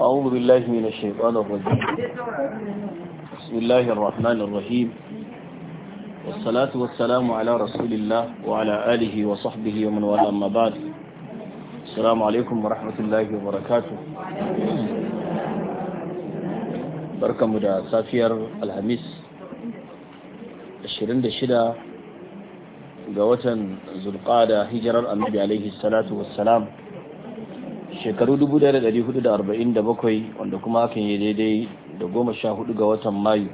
أعوذ بالله من الشيطان الرجيم بسم الله الرحمن الرحيم والصلاة والسلام على رسول الله وعلى آله وصحبه ومن والاه أما بعد السلام عليكم ورحمة الله وبركاته barkanmu da safiyar alhamis 26 ga watan zulqada hijirar annabi alaihi salatu wassalam shekaru 1447 wanda kuma hakan ya daidai da 14 ga watan mayu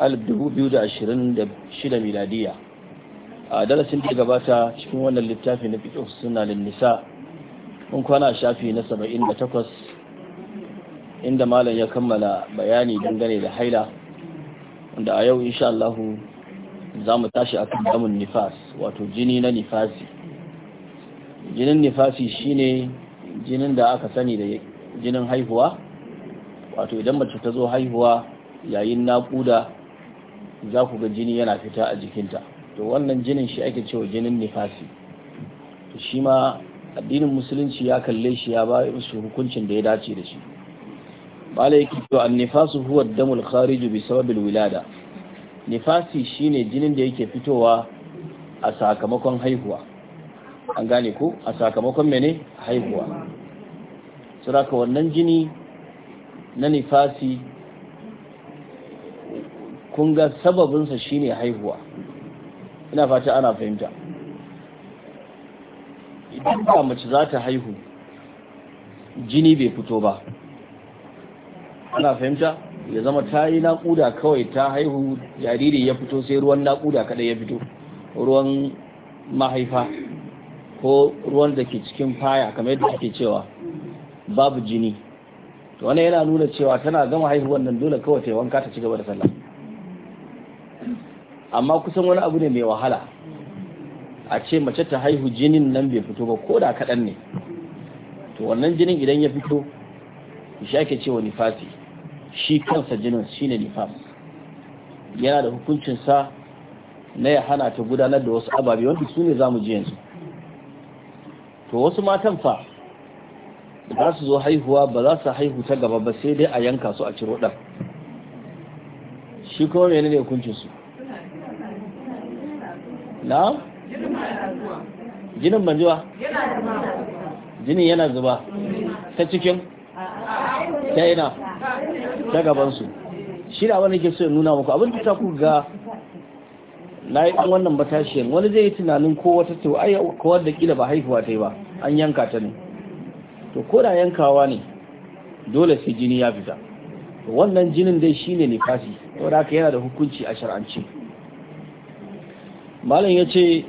2026 miladiya a darasin da gabata cikin wannan littafi na fito suna nisa mun kwana shafi na 78 inda malam ya kammala bayani dangane da haila wanda a yau insha Allah za mu tashi kan damun nifas wato jini na nifasi jinin nifasi shine jinin da aka sani da jinin haihuwa wato idan mace ta zo haihuwa yayin naƙuda za ku ga jini yana fita a jikinta to wannan jinin shi ake cewa jinin nifasi to shi ma addinin musulunci ya kalle shi ya ba su hukuncin da ya dace da shi bala yake to an nifasu huwa damul khariju bi sababil wilada nifasi shine jinin da yake fitowa a sakamakon haihuwa an gane ku? a sakamakon mene haihuwa ka wannan jini na nifasi kun ga sababinsa shine haihuwa ina fata ana fahimta idan ba mace za ta haihu jini bai fito ba ana fahimta ya zama ta yi naƙuda kawai ta haihu jariri ya fito sai ruwan naƙuda kaɗai ya fito ruwan mahaifa ko ruwan da ke cikin faya kamar yadda ake cewa babu jini to wannan yana nuna cewa tana gama haihuwan nan dole kawai ta wanka ta ci da sallah amma kusan wani abu ne mai wahala a ce mace ta haihu jinin nan bai fito ba ko da kaɗan ne to wannan jinin idan ya fito shi ke cewa nifasi shi kansa jinin shine nifas yana da hukuncinsa na ya hana ta gudanar da wasu ababe wanda su ne za mu ji yanzu to wasu matan fa za su zo haihuwa ba za su haihu ta gaba ba sai dai a yanka su a ciro ɗan shi kuma menene hukuncin su na jinin banjuwa jinin yana zuba ta cikin ta yana ta gabansu shi da abin da ke so nuna muku abin da ta ku ga na yi ɗan wannan matashiyan wani zai yi tunanin ko wata ce ai kowar da kila ba haihuwa ta yi ba an yanka ta ne to ko da yankawa ne dole sai jini ya fita wannan jinin dai shine nifasi wanda aka yana da hukunci a shar'anci malam ya ce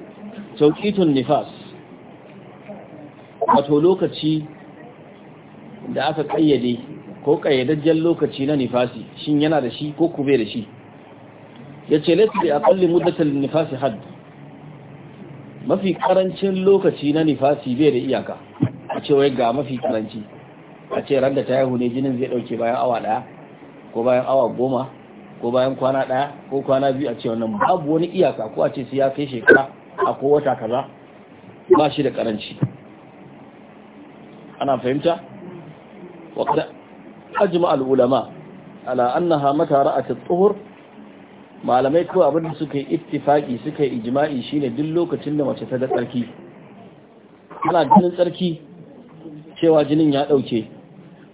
tauƙitun nifas wato lokaci da aka ƙayyade ko ƙayyadajjen lokaci na nifasi shin yana da shi ko kube da shi ya ce laifi da kalli muddatar nifasi had mafi karancin lokaci na nifasi bai da iyaka a wai ga mafi karanci a ce randa ta yahu ne jinin zai dauke bayan awa daya ko bayan awa goma ko bayan kwana daya ko kwana biyu a ce wannan babu wani iyaka ko a ce su ya kai shekara a ko wata kaza ba shi da karanci ana fahimta wa qad ajma al ulama ala annaha mata ra'at tuhur malamai ko abin da suka yi ittifaki suka yi ijma'i shine duk lokacin da mace ta da tsarki ana jinin tsarki cewa jinin ya dauke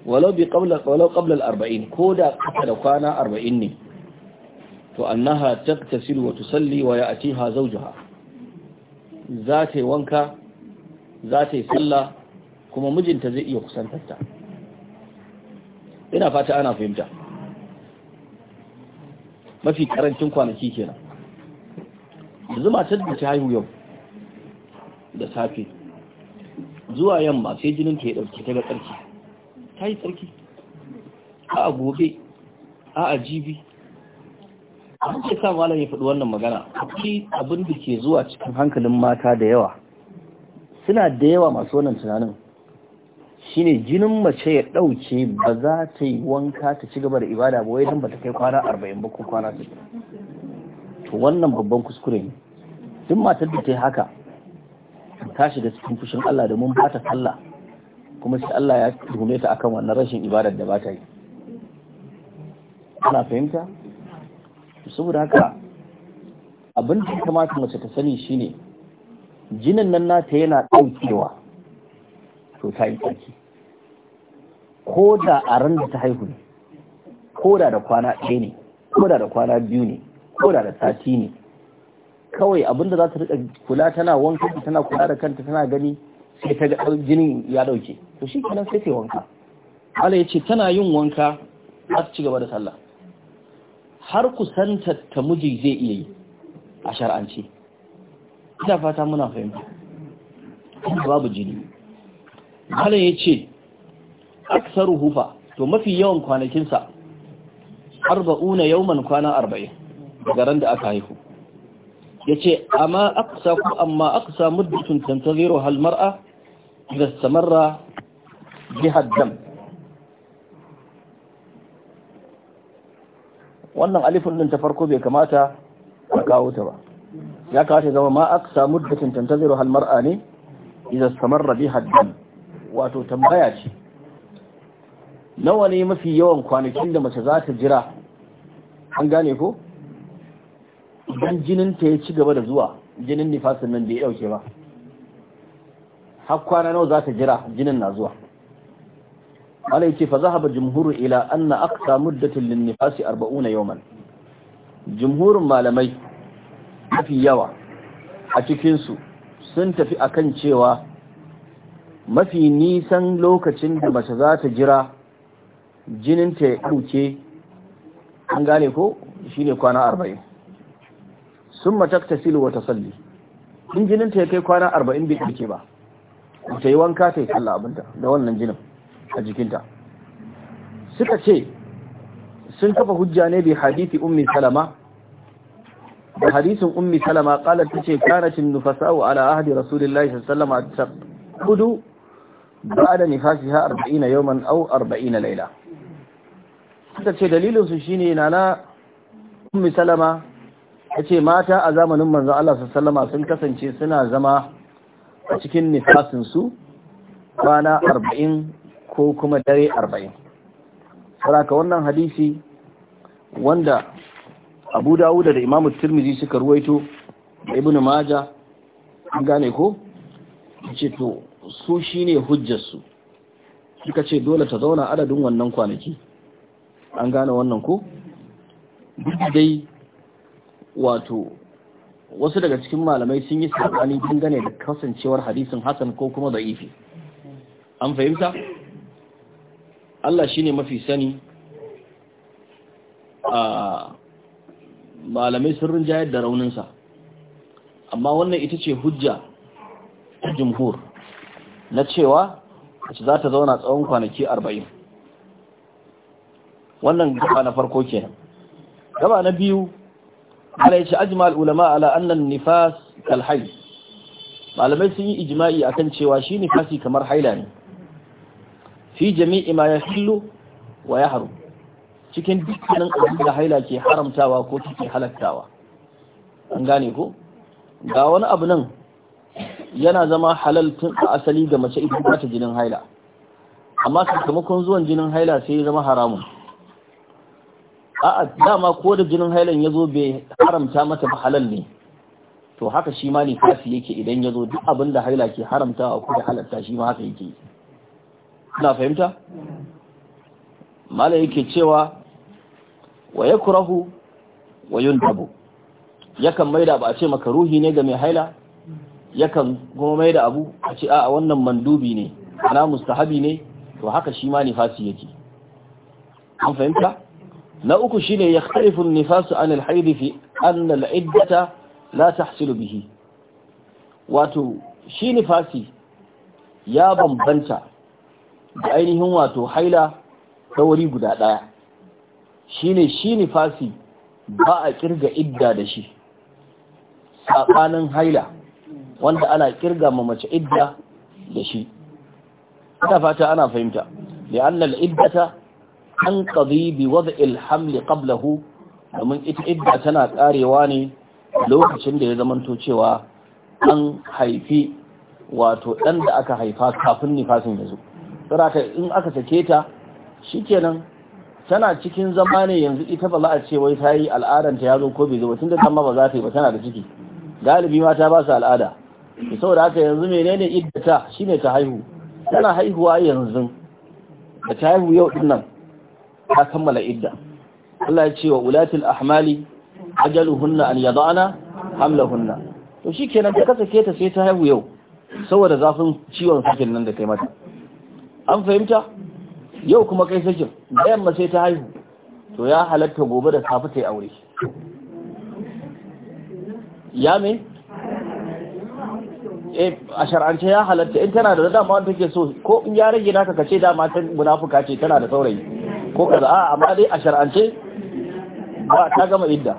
walau bi qabla walau qabla al-40 ko da kasa da kwana 40 ne to annaha taqtasil wa tusalli wa ya'tiha zawjuha za ta yi wanka za ta yi sallah kuma mijinta zai iya kusantarta ina fata ana fahimta mafi karancin kwanaki kenan yanzu matar da ta haihu yau da safe zuwa yamma sai jinin ta ya dauke ta ga tsarki ta yi tsarki a gobe a jibi an ce sa malam ya faɗi wannan magana ki abin da ke zuwa cikin hankalin mata da yawa suna da yawa masu wannan tunanin shine jinin mace ya ɗauke ba za ta yi wanka ta ci gaba da ibada ba wai dan ba ta kai kwana arba'in ba ko kwana ta to wannan babban kuskure ne duk matar da ta yi haka ta shiga cikin fushin Allah da mun bata sallah kuma sai Allah ya tuhume ta akan wannan rashin ibadar da ba ta yi ana fahimta saboda haka abin da kamata mace ta sani shine jinin nan nata yana ɗaukewa to ta yi tsaki ko da a ran da ta haihu ne ko da da kwana ɗaya ne ko da da kwana biyu ne ko da da sati ne kawai abin da za ta rika kula tana wanka tana kula da kanta tana gani sai ta ga jinin ya dauke to shi kenan sai ta wanka Allah ya ce tana yin wanka za ta ci gaba da sallah har kusanta ta miji zai iya yi a shar'anci ina fata muna fahimta babu jini Allah ya ce aksaru hufa to mafi yawan kwanakinsa arba'una yauman kwana arba'in garan da aka haihu ya ce amma aksa ku amma aksa muddatun tantaziro halmar'a da samarra jihar dam wannan alifin din ta farko bai kamata a kawo ta ba ya ta zama ma aksa muddatun tantaziro halmar'a ne idan samarra jihar dam wato tambaya ce nawa ne mafi yawan kwanakin da mace za ta jira an gane ko idan jininta ya ci gaba da zuwa jinin nifasin nan bai dauke ba har kwana nawa za ta jira jinin na zuwa Allah yake ce fa zahaba jumhur ila anna aqsa muddatul lin nifasi 40 yawman jumhurin malamai mafi yawa a cikin su sun tafi akan cewa mafi nisan lokacin da mace za ta jira jininta ya ɗauke an gane ko shi ne kwana arba'in sun matak ta silo wata salli in jininta ya kai kwana arba'in bai ɗauke ba ta yi wanka ta yi kalla abinta da wannan jinin a jikinta suka ce sun kafa hujja ne bi hadithi ummi salama da hadithin ummi salama qalat tace kanatin nufasa'u ala ahdi rasulillahi sallallahu alaihi wasallam taqudu ba'da nifasiha 40 yawman au 40 Laila. suka ce dalilinsu shine nana ummi salama ya ce mata a zamanin manzan Allah salama sun kasance suna zama a cikin nifasinsu kwana arba'in ko kuma dare arba'in saraka wannan hadisi wanda abu dawuda da imamu turmizi suka ruwaito da ibn maja an gane ko ce to su shine hujjarsu suka ce dole ta zauna adadin wannan kwanaki an gane wannan ko duk dai wato wasu daga cikin malamai sun yi sabani dangane da kasancewar hadisin hasan ko kuma da'ifi an fahimta Allah shi ne mafi sani a malamai sun rinjayar da rauninsa amma wannan ita ce hujja jumhur na cewa za ta zauna tsawon kwanaki arba'in. wannan gaba na farko kenan gaba na biyu ala yace ajma'al ulama ala annan nifas kal malamai sun yi ijma'i akan cewa shi nifasi kamar haila ne fi jami'i ma yahillu wa yahrum cikin dukkanin abin haila ke haramtawa ko take halattawa an gane ko ga wani abu nan yana zama halal tun a asali ga mace idan ta jinin haila amma sakamakon zuwan jinin haila sai ya zama haramun a'a dama ko da jinin hailan ya zo bai haramta mata ba halal ne to haka shi ma ne kafi yake idan ya zo duk abin da haila ke haramta ko da halatta shi ma haka yake kuna fahimta mala yake cewa wa yakrahu wa yundabu yakan maida ba a ce maka ruhi ne ga mai haila yakan kuma maida abu a ce a wannan mandubi ne ana mustahabi ne to haka shi ma Fasi yake an fahimta na uku shine ya an al-haid an al-iddata la tahsilu bihi wato shi nifasi ya bambanta da ainihin wato haila ta wuri guda daya ne shi nifasi ba a kirga idda da shi saɓanin haila wanda ana kirga ma mace idda da shi ta fata ana fahimta li'anna al-iddata an qadi bi wad'il haml qablahu domin ita idda tana karewa ne lokacin da ya zamanto cewa an haifi wato dan da aka haifa kafin nifasin yazo. zo saboda in aka sake ta shikenan tana cikin zama ne yanzu ita ba za a ce wai ta yi ya zo ko bai zo ba tunda ma ba za ta yi ba tana da ciki galibi mata ba su al'ada saboda haka yanzu menene ta shine ta haihu tana haihuwa yanzu da ta haihu yau din nan ta kammala idda Allah ya ce wa ulatul ahmali ajaluhunna an yada'na hamlahunna to shikenan ta kasake ta sai ta haihu yau saboda zafin ciwon sakin nan da kai mata an fahimta yau kuma kai sakin da yamma sai ta haihu to ya halatta gobe da safi ta aure ya me eh a shar'ance ya halatta in tana da dama wanda take so ko in ya rage naka kace dama ta munafuka ce tana da saurayi ko kaza a amma dai a shar'ance ba ta gama idda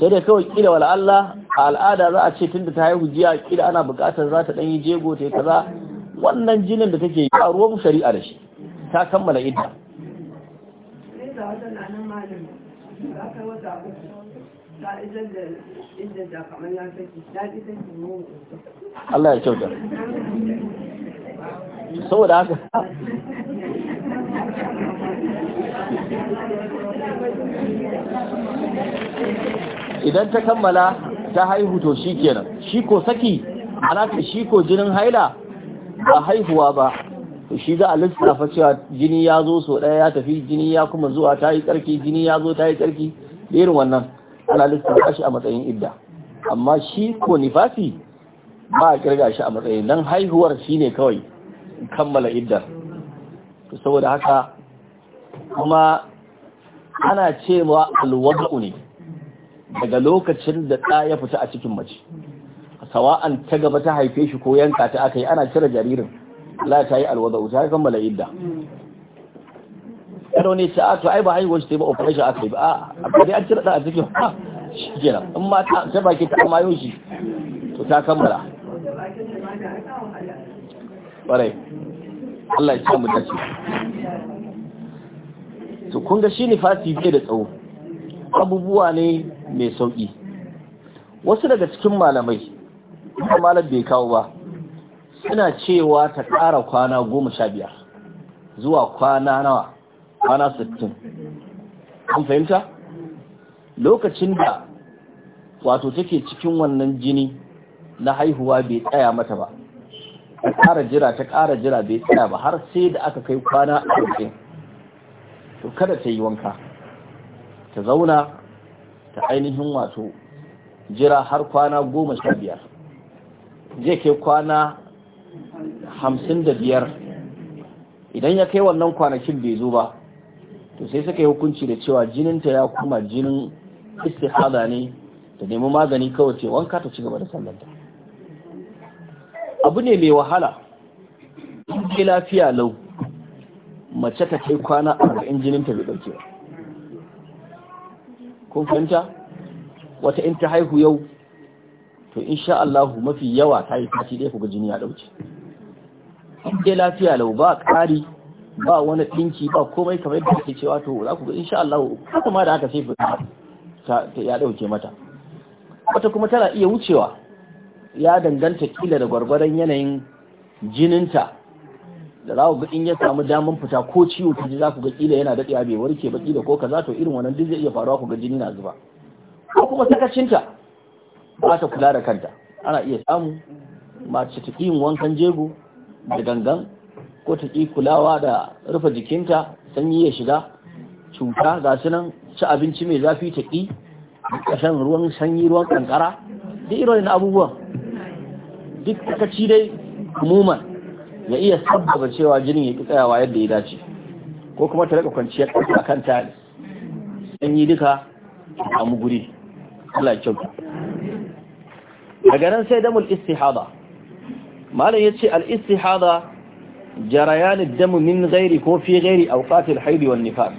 sai dai kawai kila wala Allah a al'ada za a ce tunda ta haihu jiya kila ana buƙatar za ta ɗan yi jego ta kaza wannan jinin da take yi a ruwan shari'a da shi ta kammala idda Allah ya kyauta saboda haka idan ta kammala ta haihu to shi kenan shi ko saki ta shi ko jinin haila ba haihuwa ba shi za a lissafa cewa jini ya zo so ɗaya ya tafi jini ya kuma zuwa ta yi tsarki jini ya zo ta yi tsarki irin wannan ana lissafa shi a matsayin idda amma shi ko nifasi ba a kirga shi a matsayin don haihuwar shi ne kawai kammala iddar to saboda haka kuma ana cewa alwada'u ne daga lokacin da ɗa ya fita a cikin mace sawa'an ta gaba ta haife shi ko yanka ta aka yi ana cire jaririn la ta yi alwada'u ta kammala idda yaro ne ta to ai ba haihuwar shi ta yi ba operation aka yi ba ah, a kare an cire ɗa a cikin ha shi kenan in ma ta baki ta amayo shi to ta kammala ƙwarai Allah ya mu dace to kun ga shi nifasi bai da tsawo abubuwa ne mai sauki wasu daga cikin malamai kuma malam bai kawo ba suna cewa ta ƙara kwana goma sha biyar zuwa kwana nawa kwana sittin an fahimta lokacin da wato take cikin wannan jini na haihuwa bai tsaya mata ba ta ƙara jira ta ƙara jira bai tsaya ba har sai da aka kai kwana ƙarfe to kada ta yi wanka ta zauna ta ainihin wato jira har kwana goma sha biyar zai kai kwana hamsin da biyar idan ya kai wannan kwanakin bai zo ba to sai suka yi hukunci da cewa jininta ya kuma jinin istihada ne da nemi magani kawai ce wanka ta ci gaba da sallanta abu ne mai wahala in lafiya lau mace ta kai kwana a arba'in jinin ta bai ɗauke ba kun fahimta wata in ta haihu yau to sha Allahu mafi yawa ta yi sati ɗaya kuga jini a ɗauke in lafiya lau ba ƙari ba wani ɗinki ba komai kamar yadda ake cewa to za ku ga sha Allahu haka ma da aka sai ta ya ɗauke mata wata kuma tana iya wucewa ya danganta kila da gwargwaron yanayin jininta da za ku ga in ya samu damar fita ko ciwo ta ji za ku ga kila yana daɗewa bai warke baki da ko kaza to irin wannan duk zai iya faruwa ku ga jini na zuba ko kuma sakacinta ba ta kula da kanta ana iya samu mace ta yin wankan jego da gangan ko ta ƙi kulawa da rufe jikinta sanyi ya shiga cuta ga su nan ci abinci mai zafi ta ƙi ƙashen ruwan sanyi ruwan ƙanƙara da irin abubuwan duk sakaci dai muman ya iya sabbaba cewa jinin ya tsayawa yadda ya dace ko kuma ta rika kwanciyar ƙasa akan An yi duka a guri Allah kyauta daga nan sai damul istihada malam ce al istihada jarayani damu min ko fi ghairi a al-hayd wan nifas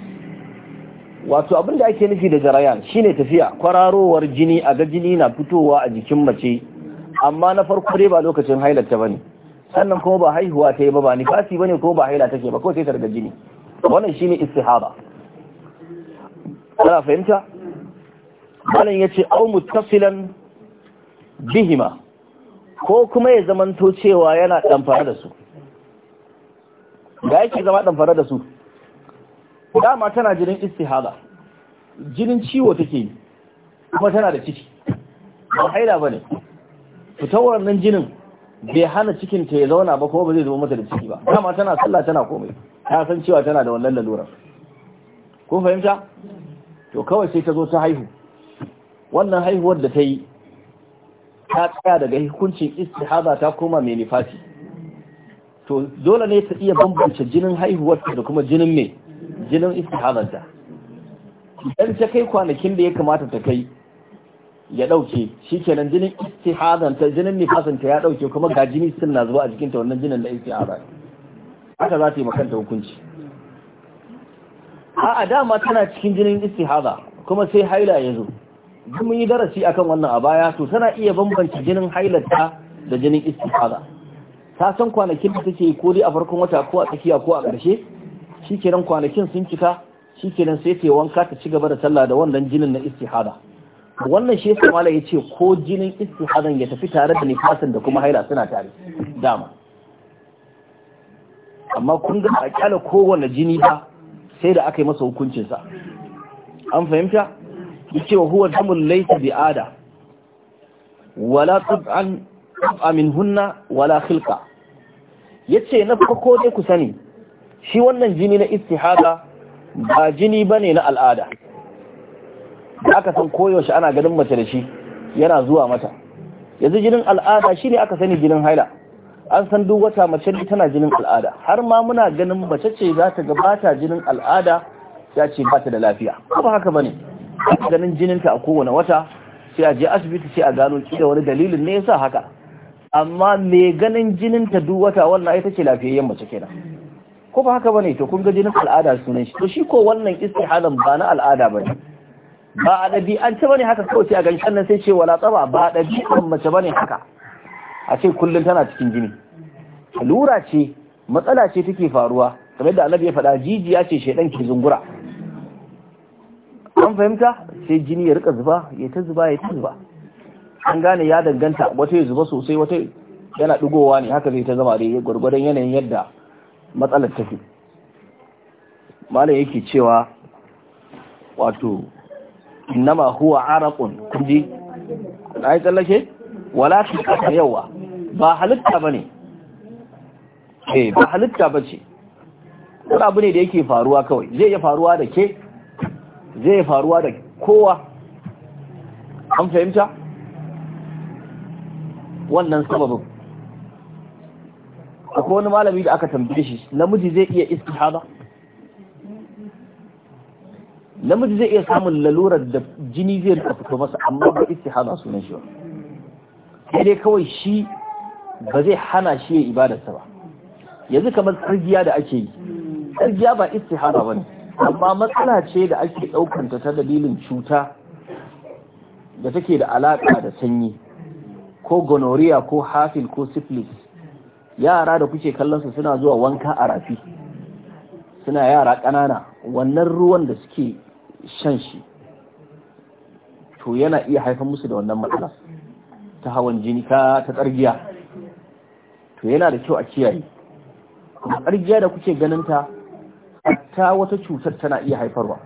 wato abinda ake nufi da jarayan shine tafiya kwararowar jini a ga jini na fitowa a jikin mace amma na farko dai ba lokacin hailarta bane sannan kuma ba haihuwa ta yi ba ba nifasi bane ko ba haila take ba ko sai ta daga jini wannan shine istihaba kana fahimta malam yace au muttasilan bihima ko kuma ya zamanto cewa yana damfara da su ga yake zama damfara da su dama tana jinin istihaba jinin ciwo take yi kuma tana da ciki ba haila bane fitowar wannan jinin bai hana cikin ta ya zauna ba kuma ba zai zama mata da ciki ba dama tana sallah tana komai ta san cewa tana da wannan lalurar kun fahimta to kawai sai ta zo ta haihu wannan haihuwar da ta yi ta tsaya daga hukuncin istihaza ta koma mai nifasi to dole ne ta iya bambance jinin haihuwar da kuma jinin mai jinin istihazar ta idan ta kai kwanakin da ya kamata ta kai ya dauke shikenan jinin istihadan ta jinin nifasanta ya dauke kuma ga jini sun na zuwa a jikin ta wannan jinin da istihara haka za ta yi makanta hukunci a dama tana cikin jinin istihada kuma sai haila ya zo duk mun yi darasi akan wannan a baya to tana iya bambanci jinin hailata da jinin istihada ta san kwanakin da take ko dai a farkon wata ko a tsakiya ko a ƙarshe shikenan kwanakin sun cika shikenan sai ta yi wanka ta ci gaba da sallah da wannan jinin na istihada wannan shi yasa malai yace ko jinin istihadan ya tafi tare da nifasin da kuma haila suna tare dama amma kun ga a kyala kowanne jini ba sai da aka yi masa hukuncin sa an fahimta yace wa huwa damul laysa bi ada wala tab'an tab'a hunna wala khilqa yace na ko dai ku sani shi wannan jini na istihada ba jini bane na al'ada da aka san koyaushe ana ganin mace da shi yana zuwa mata yanzu jinin al'ada shi ne aka sani jinin haila an san duk wata mace ne tana jinin al'ada har ma muna ganin mace ce za ta gabata jinin al'ada ya ce ba ta da lafiya ba haka bane ganin jininta a kowane wata sai a je asibiti sai a gano da wani dalilin ne yasa haka amma mai ganin jininta duk wata wannan ita ce lafiyayyen mace kenan ko ba haka bane to kun ga jinin al'ada sunan shi to shi ko wannan istihalan ba na al'ada bane ba a an ce bane haka kawai sai a ganshan nan sai ce wala tsaba ba a an mace bane haka a ce kullum tana cikin jini lura ce matsala ce take faruwa kamar da annabi ya faɗa jijiya ce shaidan ke zungura an fahimta sai jini ya rika zuba ya ta zuba ya ta zuba an gane ya danganta wata ya zuba sosai wata yana ɗigowa ne haka zai ta zama da gwargwadon yanayin yadda matsalar tafi malam yake cewa wato innama huwa araqun kunji ai tsallake wala fi kasa yawa ba halitta bane eh ba halitta bace wani abu ne da yake faruwa kawai zai yi faruwa da ke zai yi faruwa da kowa an fahimta wannan sababin akwai wani malami da aka tambaye shi namiji zai iya iska ba? namiji zai iya samun lalurar da jini zai rika fito masa amma ba hana sunan shi ba sai dai kawai shi ba zai hana shi ya ibadarsa ba yanzu kamar tsargiya da ake yi tsargiya ba hana ba ne amma matsala ce da ake ɗaukanta ta dalilin cuta da take da alaƙa da sanyi ko gonorrhea ko hafil ko syphilis yara da kuke kallon su suna zuwa wanka a rafi suna yara ƙanana wannan ruwan da suke shan shi to yana iya haifar musu da wannan matsala ta hawan jini ta ta tsargiya to yana da kyau a kiyaye tsargiya da kuke ganin ta hatta wata cutar tana iya haifarwa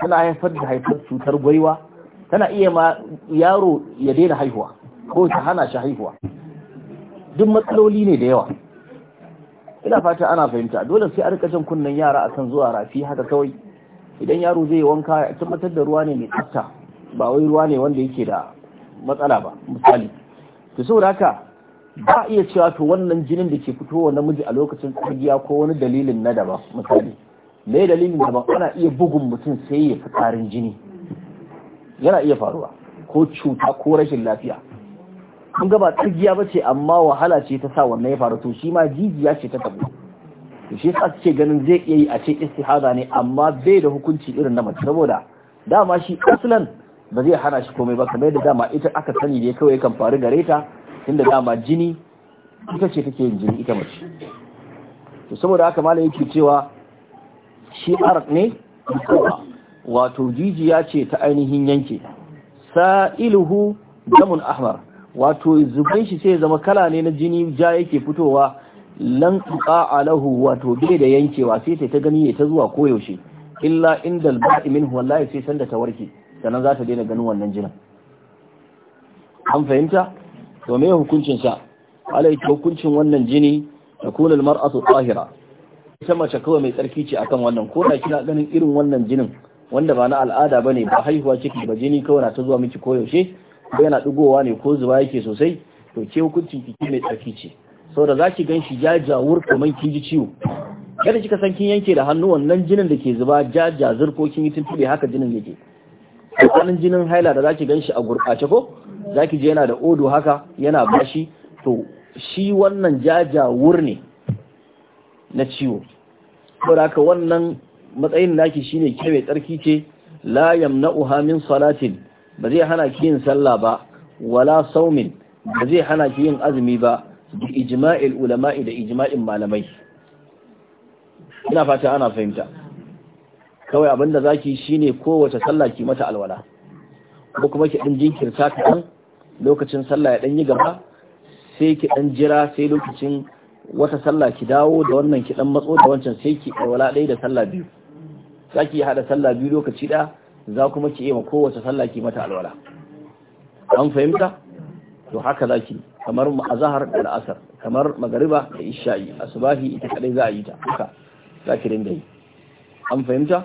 tana haifar da haifar cutar gwaiwa tana iya ma yaro ya daina haihuwa ko ta hana shi haihuwa duk matsaloli ne da yawa ina fata ana fahimta dole sai a rika jan kunnen yara akan zuwa rafi haka kawai idan yaro zai wanka ya tabbatar da ruwa ne mai tsafta ba wai ruwa ne wanda yake da matsala ba misali to saboda haka ba iya cewa to wannan jinin da ke fitowa namiji a lokacin tsagiya ko wani dalilin na daban misali me dalilin daban ana iya bugun mutum sai ya fi jini yana iya faruwa ko cuta ko rashin lafiya kun ga ba tsagiya ba ce amma wahala ce ta sa wannan ya faru to shi ma jijiya ce ta tabbata shi yasa suke ganin zai iya yi a ce istihada ne amma bai da hukunci irin na mace saboda dama shi aslan ba zai hana shi komai ba kamar da dama ita aka sani ne kawai kan faru gare ta inda dama jini ita ce take yin jini ita mace to saboda haka malam yake cewa shi arak ne wato jijiya ce ta ainihin yanke sa'iluhu damun ahmar wato zubin shi sai zama kala ne na jini ja yake fitowa lan Alahu, lahu wato bai da yankewa sai ta gani ya ta zuwa koyaushe illa inda al-ba'i minhu wallahi sai sanda ta warke sannan za ta daina ganin wannan jinin an fahimta to me hukuncin sa alai hukuncin wannan jini ta kula maratu tahira ita mace kawai mai tsarki ce akan wannan ko da kina ganin irin wannan jinin wanda ba na al'ada bane ba haihuwa ciki ba jini kawai na ta zuwa miki koyaushe ko yana dugowa ne ko zuba yake sosai to ke hukuncin kiki mai tsarki ce sau da za ki gan shi jajawur kamar kin ji ciwo yadda kika san kin yanke da hannu wannan jinin da ke zuba jaja zurko kin yi tuntube haka jinin yake tsakanin jinin haila da zaki gan shi a gurɓace ko zaki je yana da odo haka yana bashi to shi wannan jajawur ne na ciwo saboda haka wannan matsayin naki shine ke tsarki ce la yamna'uha min salatin ba zai hana ki yin sallah ba wala saumin ba zai hana ki yin azumi ba bi ijma'il ulama'i da ijma'in malamai ina fata ana fahimta kawai abinda zaki shine kowace sallah ki mata alwala ko kuma ki dan jinkirta kaɗan lokacin sallah ya dan yi gaba sai ki dan jira sai lokacin wata sallah ki dawo da wannan ki dan matso da wancan sai ki alwala ɗaya da sallah biyu zaki hada sallah biyu lokaci ɗaya za kuma ki yi ma kowace sallah ki mata alwala an fahimta to haka zaki kamar azahar da la'asar kamar magariba da isha'i asubahi ita kadai za a yi ta haka za ki rinda yi an fahimta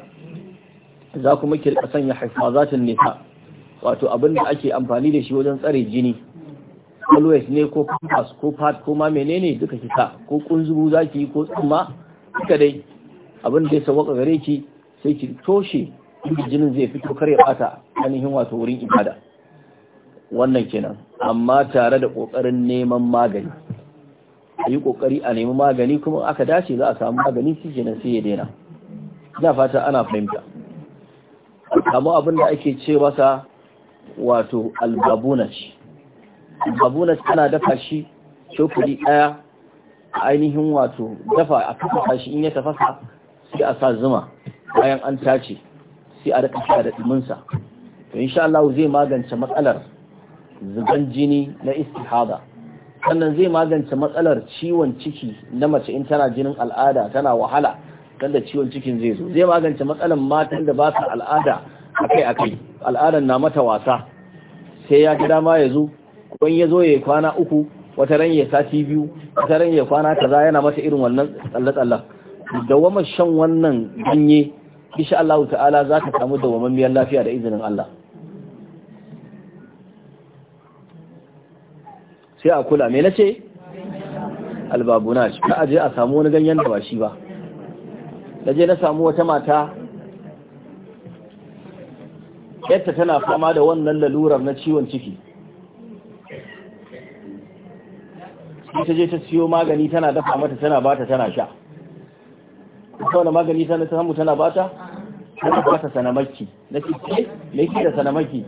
za kuma ki rika sanya hifazatin nisa wato abin da ake amfani da shi wajen tsare jini always ne ko pass ko pad ko ma menene duka ki sa ko kunzubu za ki yi ko tsamma duka dai abin da ya sawaka gare ki sai ki toshe jinin zai fito kar ya bata ainihin wato wurin ibada wannan kenan amma tare da ƙoƙarin neman magani a yi ƙoƙari a neman magani kuma aka dace za a samu magani shi kenan sai ya daina ina fata ana fahimta amma abin da ake ce masa wato albabunaci albabunaci ana dafa shi cokali ɗaya a ainihin wato dafa a kafa shi in ya tafasa sai a sa zuma bayan an tace sai a rika sha da ɗiminsa to insha Allah zai magance matsalar zuban jini na istihada sannan zai magance matsalar ciwon ciki na mace in tana jinin al'ada tana wahala dan ciwon cikin zai zo zai magance matsalar matan da ba ta al'ada akai akai al'adan na mata wasa sai ya ga dama ya zo kun ya zo ya kwana uku wata ran ya sati biyu wata ran ya kwana kaza yana mata irin wannan tsalle tsallen dawamar shan wannan ganye insha Allah ta'ala za ka samu dawamammiyar lafiya da izinin Allah sai a kula me nace shi ka aje a samu wani ganyen da ba shi ba je na samu wata mata yadda tana fama da wannan lalurar na ciwon ciki sai ta je ta siyo magani tana dafa mata tana bata tana sha wani magani tana ta samu tana bata tana bata sanamaki na ce me ke da sanamaki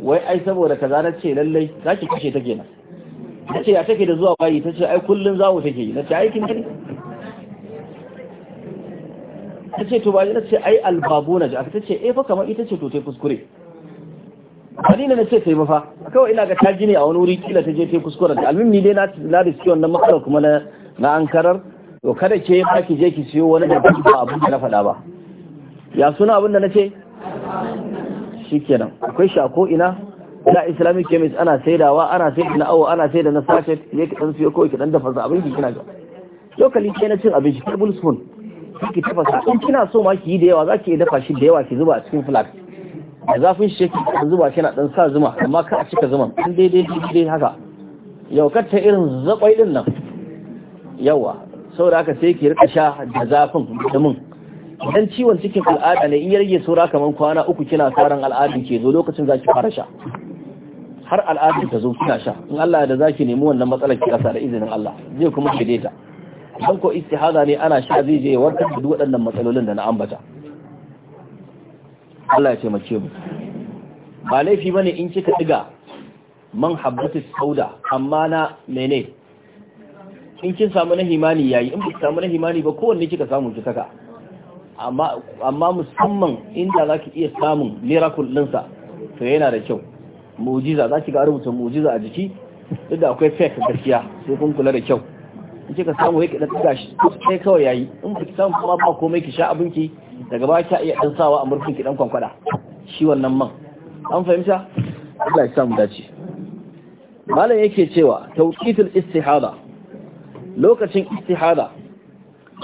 wai ai saboda ka na ce lallai za ki kashe ta kenan na ce ya take da zuwa bayi ta ce ai kullum zawo take yi na ce aikin ne ta ce to ba na ce ai albabu na ji aka ta ce eh fa kamar ita ce to ta kuskure ne na ce ta yi mafa kawai ina ga taji ne a wani wuri kila ta je ta kuskura da almin ni dai na na riski wannan matsalar kuma na na ankarar to kada ke ba ki je ki siyo wani da ba abu da na faɗa ba ya suna abin da na ce shikenan akwai shako ina da islamic chemist ana saidawa ana saida na awo ana saida na sachet ne ki dan siyo ko ki dan dafa abin ki kina ga lokali ke na cin abinci table spoon ki tafasa in kina so ma ki yi da yawa zaki dafa shi da yawa ki zuba a cikin flat da zafin shi ki zuba shi na dan sa zuma amma ka a cika zuman dan daidai dai haka yau kar ta irin zakwai din nan yawa saboda haka sai ki rika sha da zafin da mun dan ciwon cikin al'ada ne in ya rage saura kamar kwana uku kina karan al'adin ke zo lokacin zaki fara sha har al'adun ta zo suna sha in Allah da zaki nemi wannan matsalar ki kasa da izinin Allah zai kuma fide ta dan ko istihaza ne ana sha zai je warkar da waɗannan matsalolin da na ambata Allah ya mace mu ba laifi bane in kika diga man habbatu sauda amma na mene in kin samu na himani yayi in ba samu na himani ba kowanne kika samu ki saka amma amma musamman inda zaki iya samun miracle ɗinsa to yana da kyau mujiza za ki ga rubuta mujiza a jiki duk da akwai fake gaskiya sai kun kula da kyau in kika samu yake da tuga shi sai kawai yayi in ki samu kuma ba komai ki sha abin ki daga ba ki iya dan sawa a murfin ki dan kwankwada shi wannan man an fahimta Allah ya samu dace malam yake cewa tawqitul istihada lokacin istihada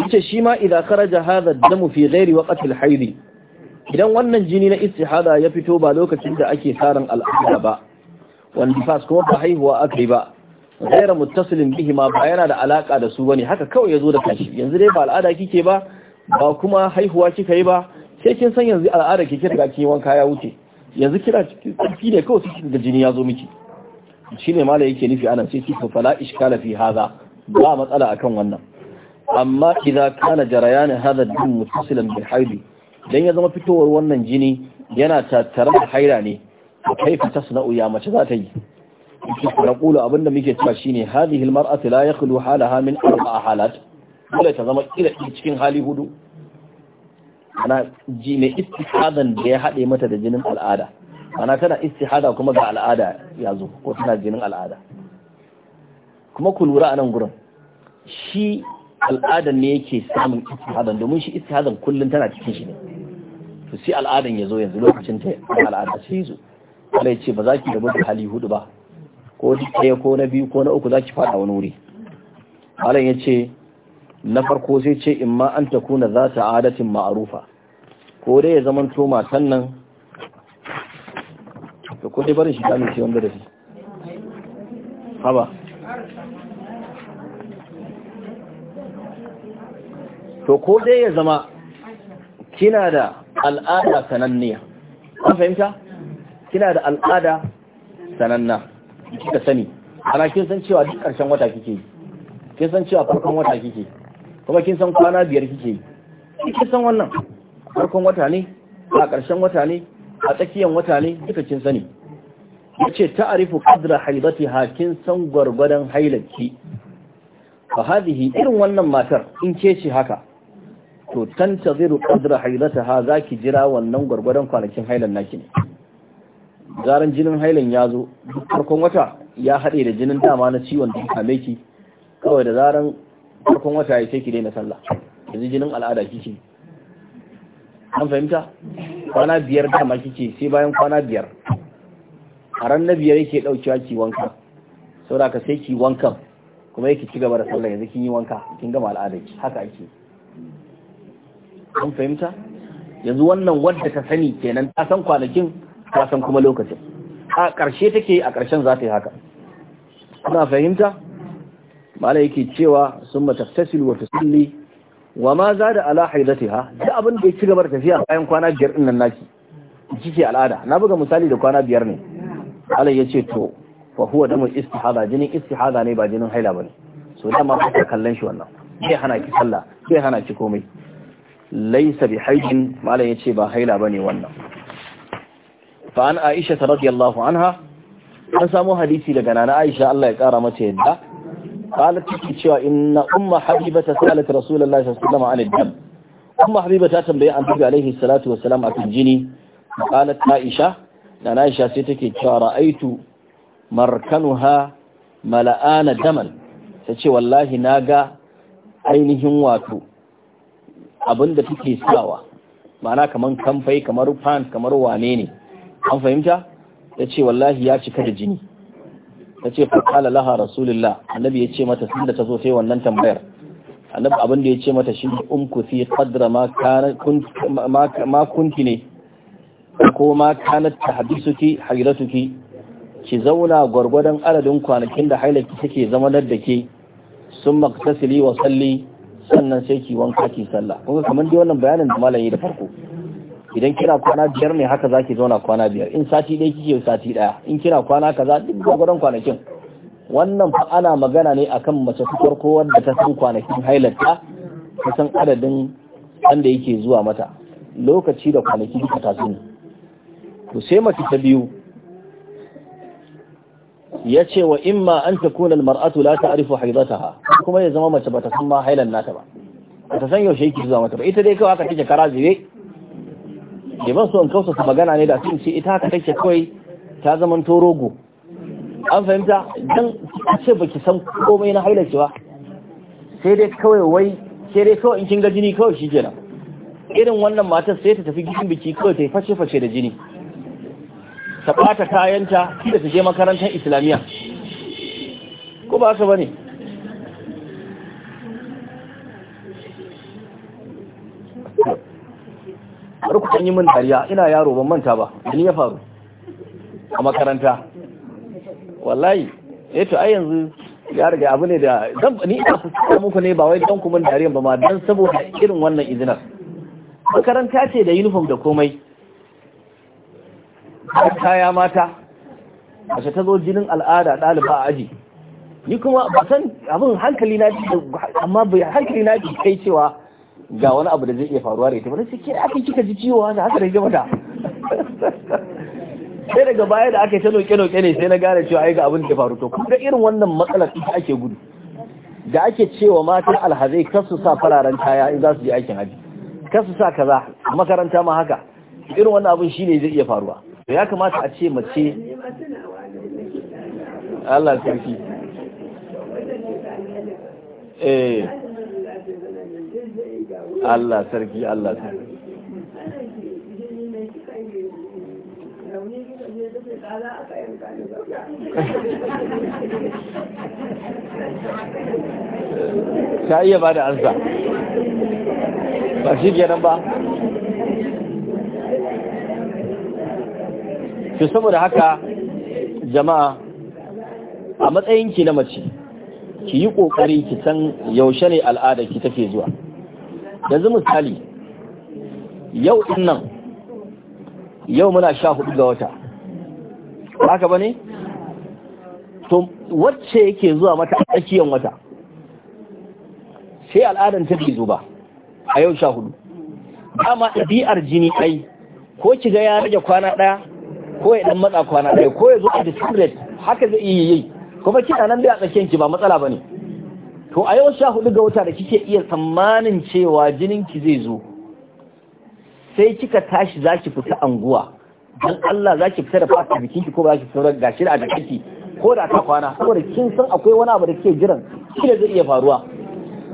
yace shi ma idan kharaja hadha ad-damu fi ghairi waqti al-hayd idan wannan jini na istihada ya fito ba lokacin da ake tsarin al'ada ba wanda fas kuma ba haihuwa aka yi ba gaira muttasilin bihi ma ba yana da alaka da su bane haka kawai yazo da kashi yanzu dai ba al'ada kike ba ba kuma haihuwa kika yi ba sai kin san yanzu al'ada kike daga kin wanka ya wuce yanzu kira tsarki ne kawai sai da jini yazo miki shine mala yake nufi anan sai kika fala iskala fi hada ba matsala akan wannan amma idza kana jarayan hadha ad-dam muttasilan bil haidi dan ya zama fitowar wannan jini yana tattare da haira ne kaifa tasna'u ya mace za ta yi kula abinda muke cewa shine hadhihi almar'atu la yakhlu halaha min arba'a halat dole ta zama kila cikin hali hudu ana ji mai istihadan da ya haɗe mata da jinin al'ada ana tana istihada kuma ga al'ada ya zo ko tana jinin al'ada kuma ku lura a gurin shi al'adan ne yake samun istihadan domin shi istihadan kullum tana cikin shi ne to sai al'adan ya zo yanzu lokacin ta al'ada sai zo Allah ya ce ba za ki da mutu hali hudu ba ko ɗaya ko na biyu ko na uku za ki faɗa wani wuri Allah ya ce na farko sai ce in ma an ta kuna za ta adatin ma'arufa ko dai ya zama to matan nan to ko dai barin shi kamin ce wanda da shi haba to ko dai ya zama kina da al'ada sananniya an fahimta kina da al'ada sananna kika sani ana kin san cewa duk ƙarshen wata kike yi kin san cewa farkon wata kike kuma kin san kwana biyar kike yi kin san wannan farkon wata ne a ƙarshen wata ne a tsakiyar wata ne duka kin sani yace ta'rifu qadra haidatiha kin san gwargwadon hailanki fa hadhihi irin wannan matar in ce haka to tantaziru qadra haidataha zaki jira wannan gwargwadon kwanakin hailan naki ne zaran jinin hailan ya zo duk farkon wata ya haɗe da jinin dama na ciwon da kame ki kawai da zaran farkon wata ya sai ki daina sallah yanzu jinin al'ada kike an fahimta kwana biyar dama kike sai bayan kwana biyar a ran na biyar yake ɗaukewa ki wanka saboda ka sai ki wankan kuma yake ci gaba da sallah yanzu kin yi wanka kin gama al'adar haka ake an fahimta yanzu wannan wadda ta sani kenan ta san kwanakin ta san kuma lokacin a ƙarshe take a ƙarshen za ta yi haka kuna fahimta mala yake cewa sun matattasil wa tusalli wa ma za da ala haidatiha da abin da ya ci gaba da tafiya bayan kwana biyar din nan naki kike al'ada na buga misali da kwana biyar ne Allah ya ce to fa huwa damu istihada jinin istihada ne ba jinin haila bane so dama ka kallon shi wannan zai hana ki sallah zai hana ki komai laisa bi haidin malam yace ba haila bane wannan fa an Aisha radiyallahu anha an samu hadisi daga nana Aisha Allah ya kara mata yadda qalat take cewa inna umma habibata salat rasulullahi sallallahu alaihi wasallam umma habibata tambaye annabi alaihi salatu wassalam akan jini qalat Aisha nana Aisha sai take cewa ra'aitu markanuha mala'ana daman tace wallahi naga ainihin wato abin da take sawa ma'ana kamar kamfai kamar fan kamar wane ne an fahimta ya ce wallahi ya cika da jini ta ce fakala laha rasulullah annabi ya ce mata sun da ta sai wannan tambayar annabi abin da ya ce mata shi ne qadra ma ma kunti ne ko ma kanat tahdisuki hayratuki ki zauna gwargwadon adadin kwanakin da hailaki take zama da ke sun maktasili wa salli sannan sai ki wanka ki sallah kuma kamar dai wannan bayanin da malam yi da farko idan kina kwana biyar ne haka zaki zauna kwana biyar in sati ɗaya kike sati ɗaya in kina kwana kaza duk gwagwaron kwanakin wannan fa ana magana ne akan mace ta farko wanda ta san kwanakin hailarta ta san adadin wanda yake zuwa mata lokaci da kwanaki duka ta to sai mace ta biyu ya ce wa imma an ta kuna mar'atu la ta'rifu haidataha kuma ya zama mace bata san ma hailan nata ba ta san yaushe yake zuwa mata ba ita dai kawai aka take kara zire da ban so in kausa su magana ne da sun ce ita haka take kawai ta zaman torogo rogo an fahimta dan a ce baki san komai na hailan cewa sai dai kawai wai sai dai kawai in kin ga jini kawai shi kenan. irin wannan matar sai ta tafi gidan biki kawai ta yi fashe fashe da jini ta ɓata kayanta da ta je makarantar islamiyya ko ba su ba ne rukukan yi min dariya ina yaro ban manta ba ni ya faru a makaranta wallahi ya eh to ai yanzu ya riga abu ne da zan ni ina fuskanta muku ne ba wai dan kuma dariyan ba ma dan saboda irin wannan izinar makaranta ce da uniform da komai har kaya mata mace ta zo jinin al'ada ɗaliba a aji ni kuma ba san abin hankali na amma bai hankali na ji kai cewa ga wani abu da zai iya faruwa da ita wani sai kira aka kika ji ciwo haka haka da mata sai daga baya da aka yi ta noke-noke ne sai na gane cewa ai ga abin da ya faru to kuma irin wannan matsalar ita ake gudu da ake cewa matan alhazai kar su sa fararen kaya in za su je aikin haji kar su sa kaza makaranta ma haka irin wannan abin shine zai iya faruwa da ya kamata a ce mace Allah sarki eh Allah sarki Allah sarki ta iya ba da ansa ba shi nan ba to saboda haka jama'a a matsayin ki na mace ki yi kokari ki san yaushe ne al'ada ki take zuwa yanzu misali yau din nan yau muna sha hudu ga wata haka ba ne? to wacce yake zuwa mata a tsakiyar wata sai al'adan ta bai zuwa a yau sha hudu dama ɗabi'ar jini ai ko kiga ya rage kwana ɗaya ko ya dan matsa kwana ɗaya ko ya zo a discret haka zai iya yi kuma kina nan da a tsakiyar ki ba matsala ne to a yau sha hudu ga wata da kike iya tsammanin cewa jinin ki zai zo sai kika tashi za ki fita anguwa dan Allah za ki fita da fata jikin ki ko ba za ki fita gashi da ajakanki ko da ta kwana saboda kin san akwai wani abu da kike jiran shi da zai iya faruwa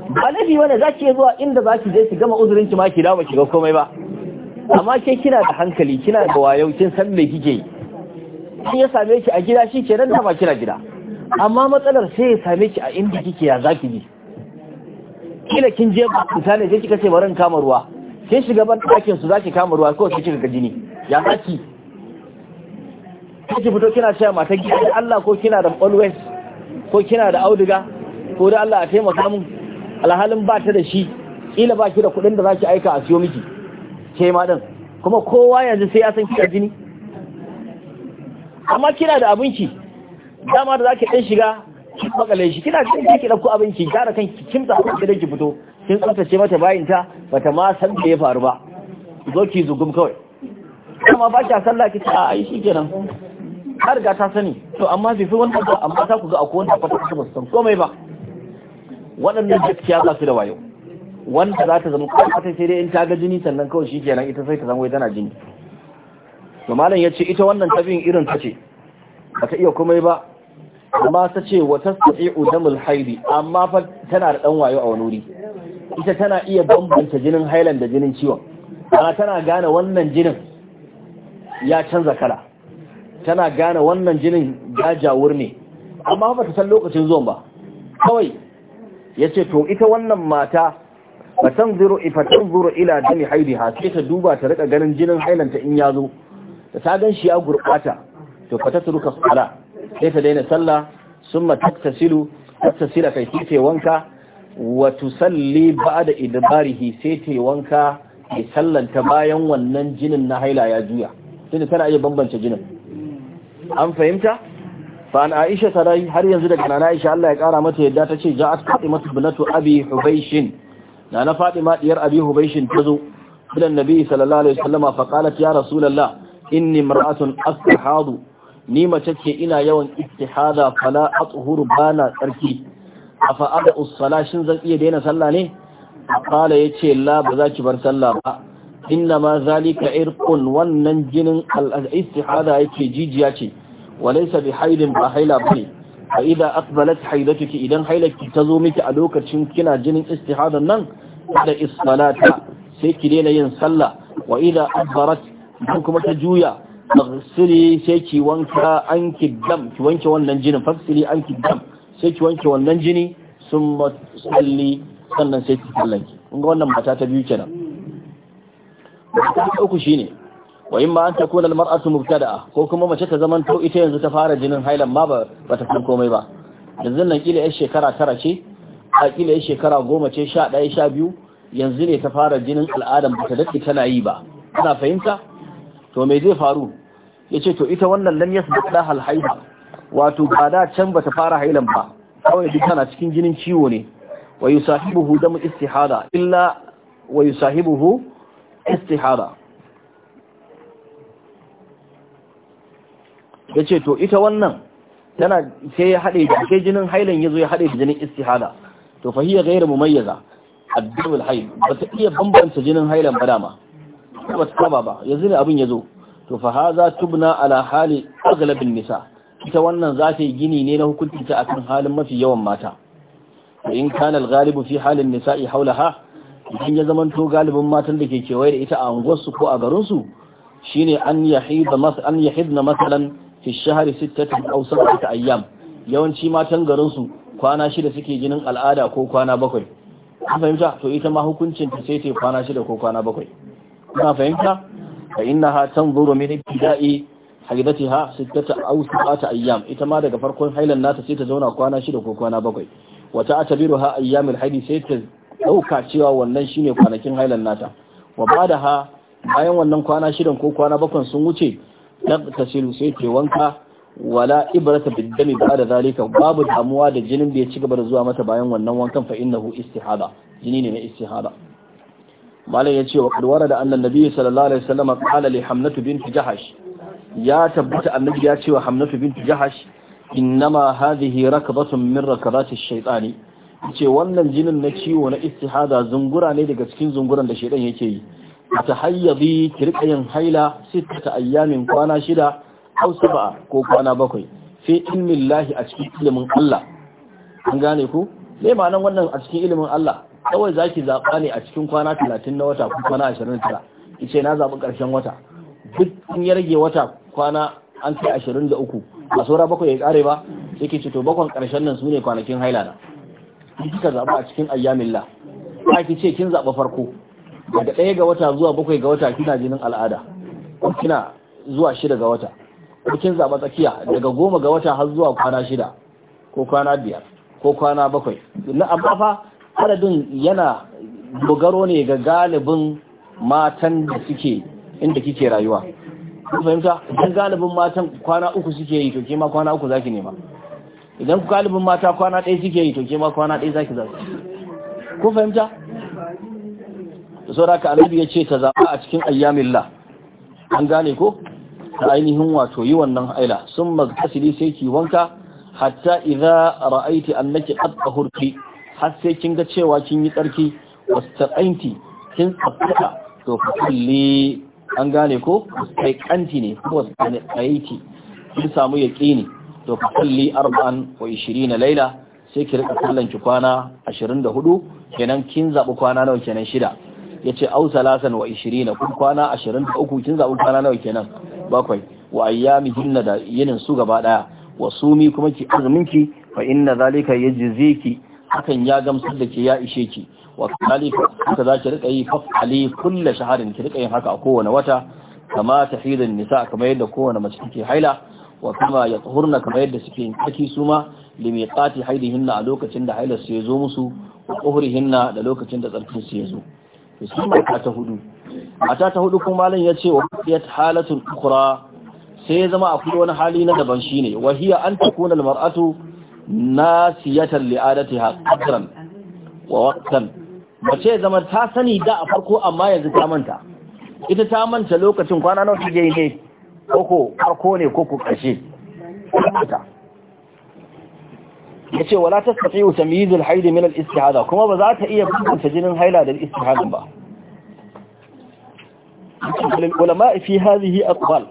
ba laifi wani zaki iya zuwa inda za ki je ki gama uzurin ki ma ki dawo ki ga komai ba amma ke kina da hankali kina da wayo kin san me kike yi shi ya same ki a gida shi kenan ta ba kina gida amma matsalar sai ya same ki a inda kike ya zaki bi kila kin je fita ne sai kika ce bari in kama ruwa sai shiga ban dakin su zaki kama ruwa ko kike ga jini ya zaki kike fito kina cewa matan gida Allah ko kina da always ko kina da auduga ko da Allah a taimaka mun alhalin ba ta da shi kila ba ki da kuɗin da zaki aika a siyo miki ke ma kuma kowa yanzu sai ya san kina jini amma kina da abinci dama da zaki ɗan shiga ki bakale shi kina kiki kike dauko abinci gara kanki kin da abin da ki fito kin tsaftace mata bayinta bata ma san da ya faru ba zo ki zugum kawai kuma ba kya sallah ki a ai kenan har ga ta sani to amma bai fi wannan ba amma ta ku ga akwai wanda ba ba san komai ba waɗannan gaskiya za su da wayo wanda za ta zama ta sai dai in ta ga jini sannan kawai shi kenan ita sai ta zama tana jini to malam yace ce ita wannan tabin irin ta ce ba ta iya komai ba amma ta ce wa tastati'u damul haidi amma fa tana da dan wayo a wani wuri ita tana iya bambanta jinin hailan da jinin ciwon ana tana gane wannan jinin ya canza kala tana gane wannan jinin gajawur ne amma ba ta san lokacin zuwan ba kawai yace to ita wannan mata fatanzuru ifatanzuru ila dami haidiha sai ta duba ta rika ganin jinin hailanta in ya zo da ta gan shi ya gurbata to fa tatruka sala sai ta daina sallah summa taktasilu taktasila kai sai ta wanka wa tusalli ba'da idbarihi sai ta wanka ki sallanta bayan wannan jinin na haila ya juya tunda tana iya bambance jinin an fahimta Aisha Aisha har yanzu daga ينزل aisha Allah ya kara mata yadda tace ja'at fatimatu بنت abi حبيش na na fatima diyar abi hubaishin tazo bidan nabi sallallahu alaihi wasallama fa qalat ya rasulullah inni mar'atun astahadu ni mace ce ina yawan istihada fala athuru bana tsarki afa ada usala shin zan iya daina sallah ne qala yace la ba za ki bar sallah ba inna ma zalika irqun wannan jinin al-istihada yake jijiya ce walaysa bi haidin ba haila bane a idan akbalat ki idan hailaki ta zo miki a lokacin kina jinin istihadan nan da isfalata sai ki daina yin sallah wa idan akbarat dan kuma ta juya fagsili sai ki wanka an ki dam ki wanke wannan jinin fasili an ki dam sai ki wanke wannan jini summa salli sannan sai ki sallanki kun ga wannan mata ta biyu kenan mata ta uku shine wa in ma an takuna almar'atu mubtada'a ko kuma mace ta zaman to ita yanzu ta fara jinin hailan ma ba ta san komai ba yanzu nan kila yar shekara tara ce a kila yar shekara goma ce sha ɗaya sha biyu yanzu ne ta fara jinin al'adan ba ta daɗe tana yi ba ana fahimta to me zai faru ya ce to ita wannan lam yasbut da hal haila wato ba da can ba ta fara hailan ba kawai duk tana cikin jinin ciwo ne wa yusahibuhu damu istihada illa wa yusahibuhu istihada ya ce to ita wannan tana sai ya haɗe da sai jinin hailan ya zo ya haɗe da jinin istihada to fa hiya ghairu mumayyiza addabul hayl ba ta iya bambanta jinin hailan ba dama ba ta saba ba yanzu ne abin ya zo to fa haza tubna ala hali aghlabin nisa ita wannan za ta yi gini ne na hukunci ta akan halin mafi yawan mata in kana al fi halin nisa'i hawlaha idan ya zamanto galibin matan da ke kewaye da ita a unguwarsu ko a garinsu shine an yahid an yahidna masalan fi shahari sittatin aw sab'ata ayyam yawanci matan garin su kwana shida suke jinin al'ada ko kwana bakwai an fahimta to ita ma hukuncin ta sai ta kwana shida ko kwana bakwai kuna fahimta fa innaha tanzuru min ibtida'i haidatiha sittata aw ta ayyam ita ma daga farkon hailan nata sai ta zauna kwana shida ko kwana bakwai wata atabiruha ayyamul haidi sai ta dauka cewa wannan shine kwanakin hailan nata wa bada ha bayan wannan kwana shidan ko kwana bakwai sun wuce tagtasilu sai ke wanka wala ibrata biddami ba'da zalika babu damuwa da jinin da ya ci gaba da zuwa mata bayan wannan wankan fa innahu istihada jini ne na istihada malai yace wa qad da annan nabi sallallahu alaihi wasallam qala li hamnatu binti jahash ya tabbata annabi ya ce wa hamnatu binti jahash innama hadhihi rakbatun min rakabati ash-shaytani ce wannan jinin na ciwo na istihada zungura ne daga cikin zunguran da shaidan yake yi ta hayyadi ki rika yin haila sittata ayyamin kwana shida aw sab'a ko kwana bakwai fi ilmin lahi a cikin ilimin Allah an gane ku me ma'anar wannan a cikin ilimin Allah kawai zaki zaba ne a cikin kwana 30 na wata ko kwana 29 kice na zabi karshen wata duk in ya rage wata kwana an kai 23 a saura bakwai ya kare ba sai ki ce to bakwan karshen nan sune kwanakin haila na kika zaba a cikin ayyamillah ba ki ce kin zaba farko daga ɗaya ga wata zuwa bakwai ga wata kina jinin al'ada kina zuwa shida ga wata ko kin zaɓa tsakiya daga goma ga wata har zuwa kwana shida ko kwana biyar ko kwana bakwai na amma fa adadin yana dogaro ne ga galibin matan da suke inda kike rayuwa ku fahimta idan galibin matan kwana uku suke yi to ke ma kwana uku zaki nema idan galibin mata kwana ɗaya suke yi to ke ma kwana ɗaya zaki zaki ku fahimta da sauraka annabi ya ce ka zaɓa a cikin ayyamillah an gane ko ta ainihin wato yi wannan aila sun mazgasili sai ki wanka hatta idza ra'aiti annaki qad tahurti har sai kin ga cewa kin yi tsarki wastaqanti kin tsafta to kulli an gane ko kai kanti ne ko wastaqaiti kin samu yaqini to kulli arba'an wa 20 laila sai ki rika kallon ki kwana 24 kenan kin zaɓi kwana nawa kenan shida yace au salasan wa na kun kwana uku kin zabi kwana nawa kenan bakwai wa ayyamihinna da yinin su gaba daya wa sumi kuma ki azuminki fa inna zalika yajziki hakan ya gamsar da ke ya ishe ki wa zalika haka za ki rika yi fafali kulla shaharin ki rika yin haka a kowane wata kama hidin nisa kamar yadda kowane mace take haila wa kama tsohurna kamar yadda suke yin tsaki suma limiqati haidihinna a lokacin da hailar su ya zo musu wa hinna da lokacin da tsarkin su ya zo to a ta hudu mata ta hudu kuma malam yace wa qiyat halatun ukhra sai ya zama akwai wani hali na daban shine wa hiya an takuna almar'atu nasiyatan li'adatiha qadran wa waqtan mace ya zama ta sani da a farko amma yanzu ta manta ita ta manta lokacin kwana nawa take yi ne koko farko ne koko kashe ta yace wala tastati'u tamyiz al-hayd min al-istihada kuma ba za ta iya bambanta jinin haila da istihadan ba ulama fi hadhihi aqwal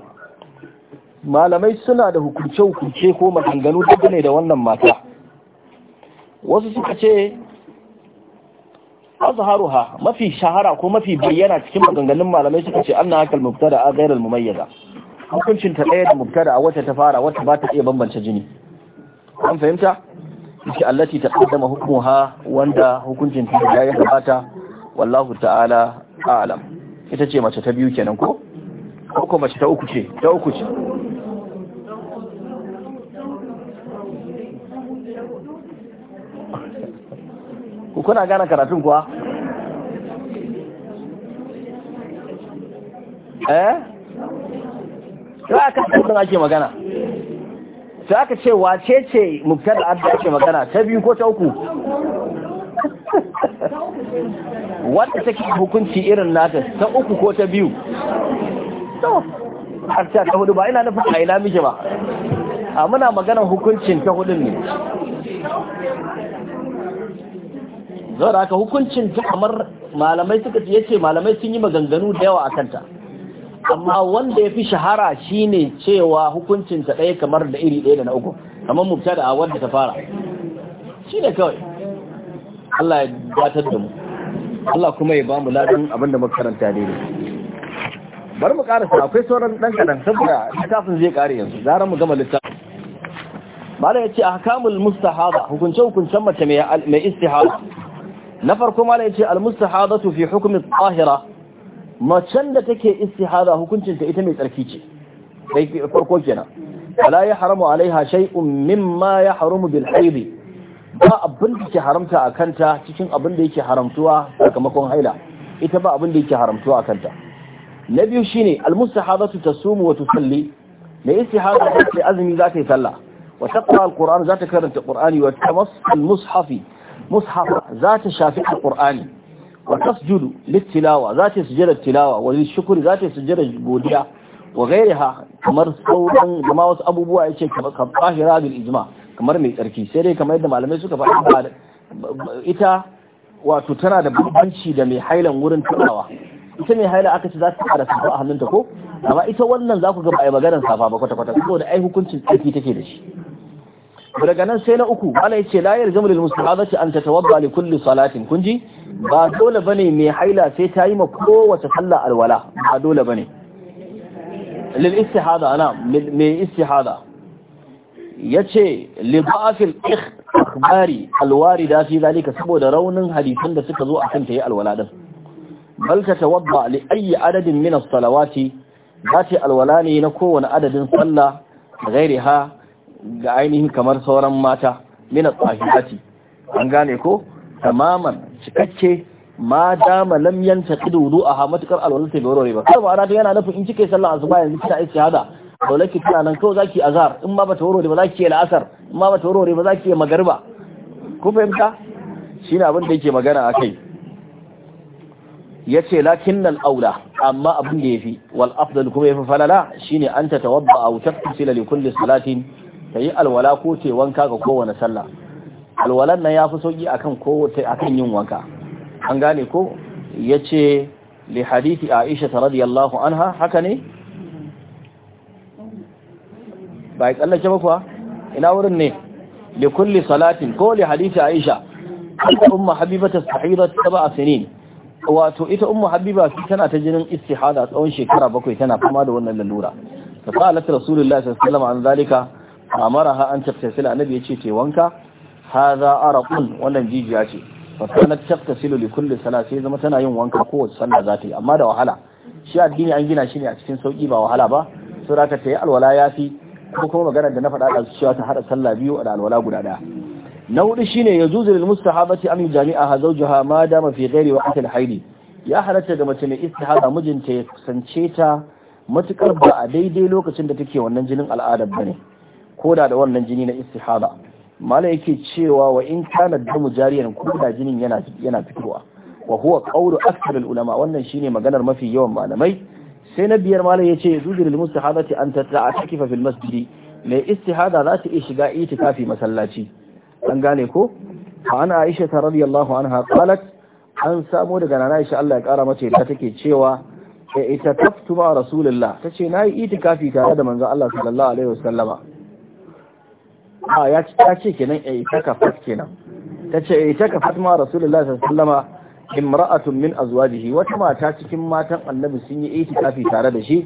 malamai suna da hukunce hukunce ko maganganu dangane da wannan mata wasu suka ce azharuha mafi shahara ko mafi bayyana cikin maganganun malamai suka ce anna hakal mubtada a ghairal mumayyaza hukuncin ta ɗaya da mubtada a wacce ta fara wacce ba ta iya bambance jini an fahimta ita allati taqaddama hukmuha wanda hukuncin ta ya gabata wallahu ta'ala a'lam ita ce mace ta biyu kenan ko ko mace ta uku ce ta uku ce ku kuna gane karatun kuwa eh za ka kan ake magana sai aka ce wace ce muktar da abda ake magana ta biyu ko ta uku wadda take hukunci irin nata ta uku ko ta biyu har ta ta hudu ba ina nufin a ina miki ba a muna maganar hukuncin ta hudun ne zaura ka hukuncin ta kamar malamai suka ce malamai sun yi maganganu da yawa a kanta amma wanda ya fi shahara shine cewa hukuncin ta ɗaya kamar da iri ɗaya da na uku kamar mubta da awar da ta fara shi da kawai Allah ya datar da mu Allah kuma ya ba mu ladan abinda makaranta ne ne. Bar mu karasa akwai sauran ɗan kaɗan saboda littafin zai ƙare yanzu zarar mu gama littafin mala ya ce a hakamul mustahada hukunce-hukuncen mace mai istihada na farko mala ya ce al-mustahada su fi hukumin tsahira macen da take istihada ta ita mai tsarki ce sai farko kenan wala ya haramu alaiha shay'un mimma ya haramu bil haidi ba abin da ke haramta a kanta cikin abin da yake haramtuwa sakamakon haila ita ba abin da yake haramtuwa a kanta na biyu shine al mustahadatu tasumu wa tusalli mai istihada ta ce azumi za ta yi sallah wa taqra al qur'an za ta karanta qur'ani wa mushafi mushafa za ta shafi al qur'ani wa tasjudu tilawa za ta sujjada tilawa wa Shukri za ta sujjada godiya wa ghayriha kamar sauran jama'a wasu abubuwa yace kamar qahira bil ijma kamar mai tsarki sai dai kamar yadda malamai suka faɗi ita wato tana da bambanci da mai hailan wurin tilawa ita mai haila aka ce za ta fara safa a hannunta ko amma ita wannan za ku ga ai maganar safa ba kwata kwata saboda ai hukuncin tsarki take da shi daga nan sai na uku ana yace la yarjamu lil mustahadati an tatawadda li kulli salatin kunji ba dole ne mai haila sai ta yi ma kowace sallah alwala ba dole bane lil istihada ana mai yace li ba'fil alwari da fi zalika saboda raunin hadisan da suka zo kan ta yi alwala din bal ta tawadda li ayi adadin min as-salawati zati alwala ne na kowane adadin sallah ha ga ainihin kamar sauran mata min as an gane ko tamaman cikakke ma dama lam yanta kidu a ha matukar alwala ta bai ba kar ma'ana ta yana nufin in kike sallar azuba yanzu kina istihada dole ki tana nan kawai zaki azhar in ma bata warware ba zaki yi la'asar in ma bata warware ba zaki yi magariba ku fahimta ne abin da yake magana akai yace nan aula amma abin da yafi wal afdal kuma yafi falala shine an tatawadda aw tafsila li kulli salatin tayi alwala ko ce wanka ga kowane sallah alwalan nan ya fi a kan kowace kan yin wanka an gane ko Ya ce li hadithi Aisha radiyallahu anha haka ne ba ya tsallake ba kuwa ina wurin ne li kulli salatin ko li hadithi Aisha ita umma habiba ba sab'a sinin wato ita umma habiba tana ta jinin istihada tsawon shekara bakwai tana fama da wannan lalura ta qalat rasulullahi sallallahu alaihi wasallam an zalika ha an tafsila annabi yace ce wanka hadha arqun wannan jijiya ce fa kana taftasilu li kulli salati sai zama tana yin wanka kowace sallah za ta yi amma da wahala shi addini an gina shi ne a cikin sauki ba wahala ba sai zaka ta yi alwala yafi ko kuma magana da na fada da cewa ta hada sallah biyu da alwala guda daya na hudu shine yajuzu lil mustahabati an jami'a zawjaha ma dama fi ghairi waqti al haidi ya halatta ga mace mai istihada mijinta ya kusance ta matukar ba a daidai lokacin da take wannan jinin al'adar bane ko da da wannan jini na istihada mala yake cewa wa in kana damu jariyan ko da jinin yana yana fitowa wa huwa qawlu akthar al ulama wannan shine maganar mafi yawan malamai sai na biyar mala yace yuzuru lil mustahabati an tata'akifa fil masjidi mai istihada za ta iya shiga itikafi masallaci an gane ko fa ana aisha ta radiyallahu anha qalat an samu daga nana aisha Allah ya kara mace ta take cewa ita taftu ma rasulullah tace nayi itikafi tare da manzo Allah sallallahu alaihi wasallama Ah, a ya ce kenan ai eh, ta fat kenan ta ce ai eh, ta fat ma rasulullahi sallama alaihi imra'atun min azwajihi wata mata cikin matan annabi sun yi kafi tare da shi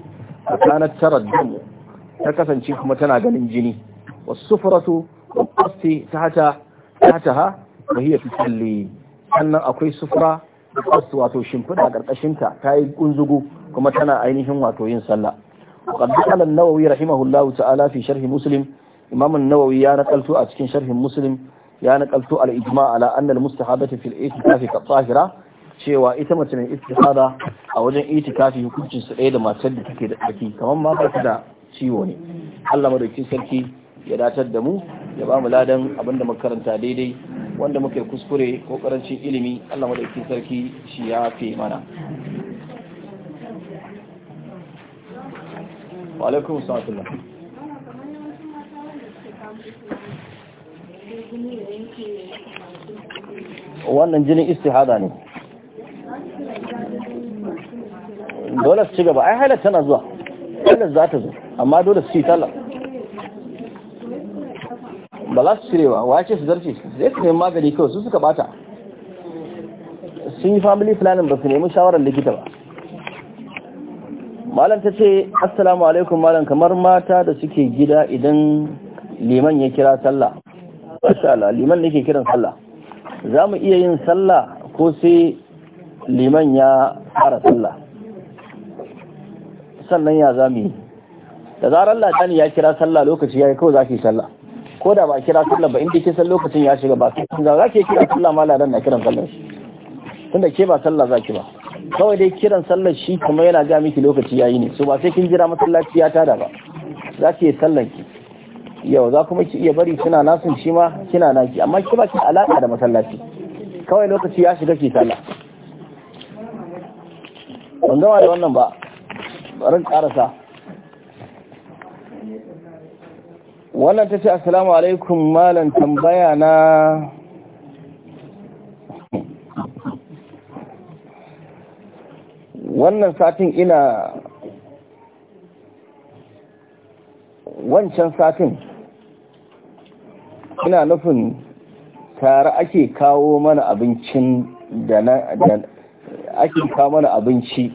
kanat tara damu ta kasance kuma tana ganin jini wasufratu wasfi tahta ta wa hiya fi salli sannan akwai sufra wasu wato shimfiɗa ƙarƙashin ta ta yi kunzugu kuma tana ainihin wato yin sallah وقد قال النووي رحمه الله تعالى في شرح مسلم imam an-nawawi ya nakalto a cikin sharhin muslim ya nakalto al-ijma ala anna al-mustahabata fil itikafi ka cewa ita mace mai istihada a wajen itikafi hukuncin su ɗaya da matar da take da tsarki kamar ma da ciwo ne Allah madaukakin sarki ya datar da mu ya ba mu ladan abinda muka karanta daidai wanda muka kuskure ko karancin ilimi Allah madaukakin sarki shi ya fi mana wa alaikum wannan jinin istihada ne dole su ci gaba ai halar tana zuwa halar za ta zo amma dole su ci talar ba za su cire wa wace su zarce zai su nemi magani kawai su suka bata sun yi family planning ba su nemi shawarar likita ba malam ta ce assalamu alaikum malam kamar mata da suke gida idan liman ya kira sallah masha liman liman ke kiran sallah za mu iya yin sallah ko sai liman ya fara sallah sannan ya za mu yi da zarar latani ya kira sallah lokaci ya yi kawai za ki sallah ko da ba a kira sallah ba inda ke san lokacin ya shiga ba kun za zaki kira sallah ma ladan na kiran sallah shi tunda ke ba sallah za ki ba kawai dai kiran sallah shi kuma yana ga miki lokaci ya yi ne su ba sai kin jira masallaci ya tada ba ki yi sallan ki yau za kuma ki iya bari kina nasun shi ma kina naki amma ki ba ki alaka da masallaci kawai lokaci ya shiga ki sallah ban gama da wannan ba barin karasa wannan ta ce assalamu alaikum malam tambaya na wannan satin ina wancan satin ina nufin tare ake kawo mana abincin da na ake kawo mana abinci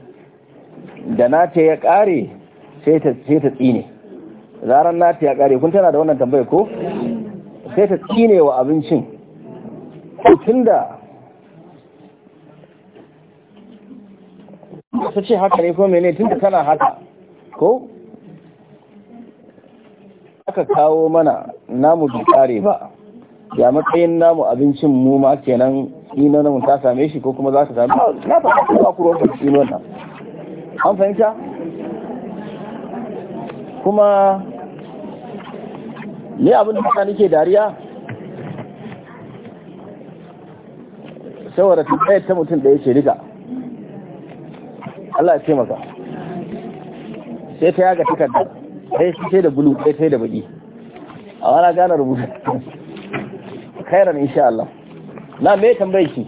da nata ya kare sai ta tsine zaran nata ya kare kun tana da wannan tambayar ko sai ta tsine wa abincin tunda su ce haka ne ko mene tunda tana haka ko aka kawo mana namu bi kare ba ya matsayin namu abincin mu ma kenan ina na ta same shi ko kuma za ka same na ba ku ba ku ruwan da shi wannan an fahimta kuma ni abin da ka nake dariya saboda tambayar ta mutum da yake rika Allah ya taimaka sai ta yaga takardar ɗaya shi sai da bulu ɗaya sai da baki a wani gane rubutu kairan insha Allah na me tambayi shi